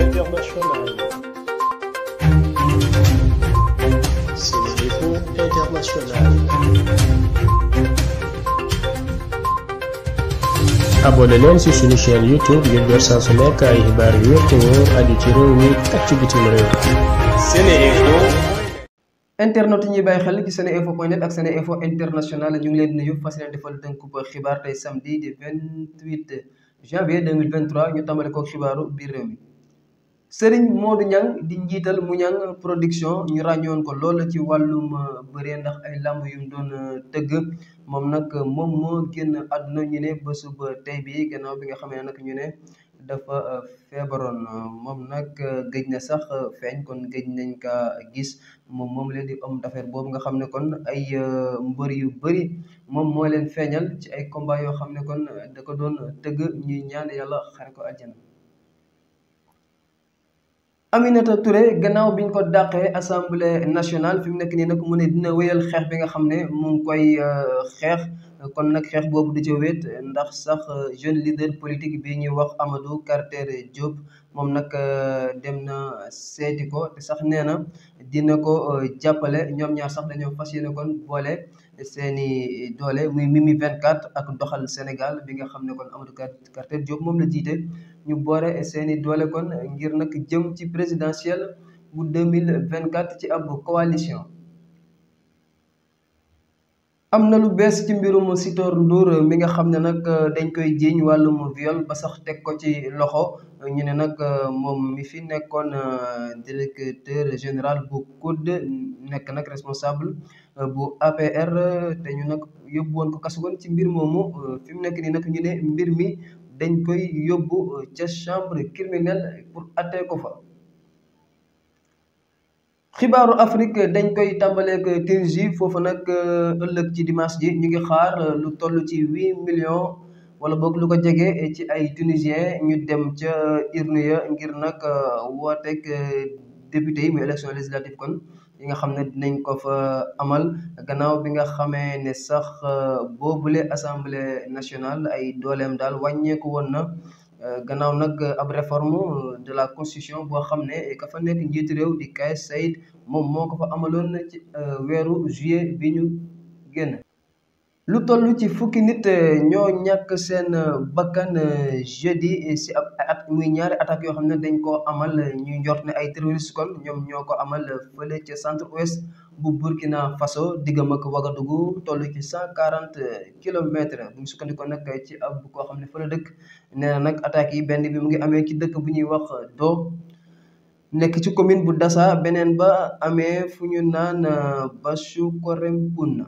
internationale. C'est l'info internationale. abonné leen ci suñu chaîne YouTube ngir jot saa su nekk ay xibaar yu wér te ci réew mi ak ci bitim réew. SeneInfo. internet yi ñuy bàyyi xel ci seneinfo point net ak seneinfo international ñu ngi leen di nuyu fas yéene defal dënkub xibaar tey samedi di 28 janvier 2023 ñu tàmbali ko xibaaru biir réew mi. Serigne Modou Niang di njiital mu Niang production ñu ràññoon ko lool ci wàllum euh, bëree ndax ay làmb yu mu doon euh, tëgg moom nag euh, moom moo génn àdduna ñu ne bésu ba tey bi gannaaw bi nga xam ne nag ñu ne dafa feebaroon moom nag gëj na sax feeñ kon gëj nañ ka gis moom moom leen di homme d'affaires boobu nga xam ne kon ay mbër yu bëri moom mooy leen feeñal ci ay combat yoo xam ne kon da ko doon tëgg ñu ñaan yàlla xare ko àjjana Aminata Touré gannaaw bi ñu ko dàqee assemblée nationale fi mu nekk nii nag mu ne dina wéyal xeex bi nga xam ne mu ngi koy euh, xeex kon nag xeex boobu du ca wéet ndax sax jeune leader politique bi ñuy wax Amadou Carter Diop moom nag euh, dem na seeti ko sax nee na dina ko euh, jàppale ñoom ñaar sax dañoo fas yéene kon boole seeni doole muy Mimi 24 ak doxal Sénégal bi nga xam ne kon Amadou Carter Diop moom la jiite ñu boole seeni doole kon ngir nag jëm ci présidentielle bu 2024 ci ab coalition. am na lu bees ci mbirum Sitor Ndour mi nga xam ne nag euh, dañ koy jiiñ wàllum viol ba sax teg ko ci loxo ñu ne nag euh, moom mi fi nekkoon euh, directeur général bu COUD nekk nag responsable bu APR te ñu nag yóbbu woon ko kasu ci mbir moomu fi mu nekk nii nag ñu ne mbir mi dañ koy yóbbu ca chambre criminelle pour atte ko fa. xibaaru Afrique dañ koy tàmbaleeg Tunisie foofu nag euh, ëllëg ci dimanche ji ñu ngi xaar euh, lu toll ci huit millions wala boog lu ko jege ci ay tunisiens ñu dem ca euh, urne ngir nag wooteeg député yi muy élection législative kon yi nga xam ne dinañ ko fa amal gannaaw bi nga xamee ne sax boobule assemblée nationale ay dooleem daal wàññeeku woon na. Euh, gannaaw nag euh, ab réforme euh, de la constitution boo xam ne eh, ka fa nekk njiitu réew di Kais Saïed moom moo ko fa amaloon ci weeru juillet bi ñu génn. lu toll ci fukki nit eh, ñoo ñàkk seen eh, bakkan eh, jeudi si ab at muy ñaari attaque yoo xam ne dañ koo amal ñuy njort ne ay terroriste kon ñoom ñoo ko amal fële ca centre ouest bu Burkina Faso diggam ak Wagadugu toll ci cent quarante kilomètres bu ñu sukkandikoo nag ci ab koo xam ne fële dëkk nee na nag attaques yi benn bi mu ngi amee ci dëkk bu ñuy wax Do nekk ci commune bu Dassa beneen ba amee fu ñu naan Bachoukourampoune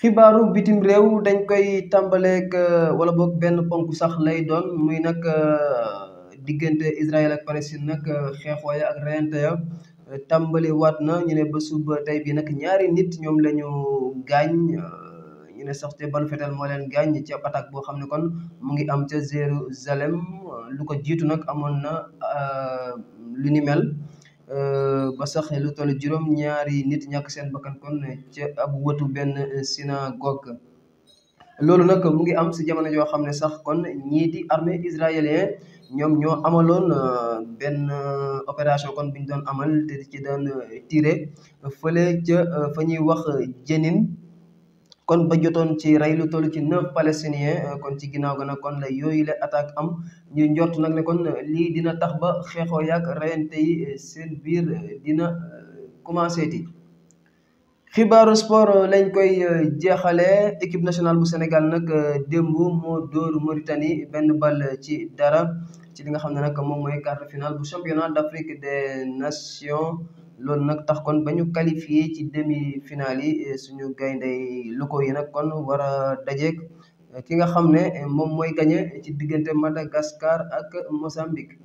xibaaru bitim réew dañ koy tàmbaleeg euh, wala book benn ponk sax lay doon muy nag euh, diggante Israël ak Palestine nag euh, xeexoo ya ak reyante ya tàmbali waat na ñu ne ba suba tey bi nag ñaari nit ñoom la ñu gaañ ñu ne sax te balu fetal moo leen gaañ ci ab attaque boo xam ne kon mu ngi am ca Jérusalem lu ko jiitu nag amoon na lu ni mel. ba sax lu toll juróom-ñaari nit ñàkk seen bakkan kon ca ab wëtu benn synagogue loolu nag mu ngi am si jamono joo xam ne sax kon ñii di armée israélien ñoom ñoo amaloon euh, benn euh, opération kon bi ñu doon amal te ci doon euh, tiré fële ca fa ñuy wax Jenin kon ba jotoon ci rey lu toll ci neuf palestiniens euh, kon ci ginnaaw ga nag kon la yooyu la attaque am ñu njort nag ne kon euh, lii dina tax ba xeexoo yàgg reyante tey euh, seen biir dina commencé ti xibaaru sport lañ koy jeexale équipe nationale bu Sénégal nag démb moo dóoru Mauritanie benn bal ci dara ci li nga xam ne nag moom mooy quart de finale bu championnat d'Afrique des Nations loolu nag tax kon ba ñu qualifié ci demi-finale yi eh, suñu gaynde locaux yi nag kon war a dajeek eh, ki nga xam ne eh, moom mooy gagné ci diggante Madagascar ak Mozambique.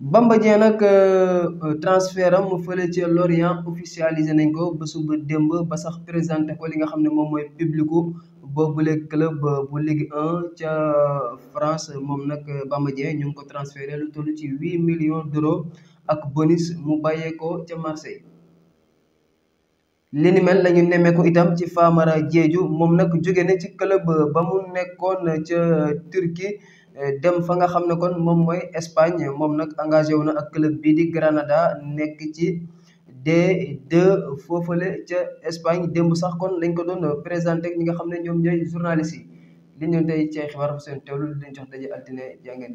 Bamba Dieng nag transfert am mu fële ci Lorient officialisé nañ ko ba suba démb ba sax présenté ko li nga xam ne moom mooy publicu boobule club bu Ligue 1 ca France moom nag Bamba Dieng ñu ngi ko transféré lu toll ci huit millions d'euros. ak bonus mu bàyyeekoo ca Marseille li ni lañu nemmeeku itam ci faamara jeeju moom nag jóge na ci club ba mu nekkoon ca Turquie dem fa nga xam ne kon moom mooy Espagne moom nag engagé wu na ak club bii di Granada nekk ci D2 foofale ca Espagne démb sax kon lañ ko doon présenté ñi nga xam ne ñoom ñooy journaliste yi li ñu tey ci xibaar bu seen teewlu di leen jox daje altine jaa ngeen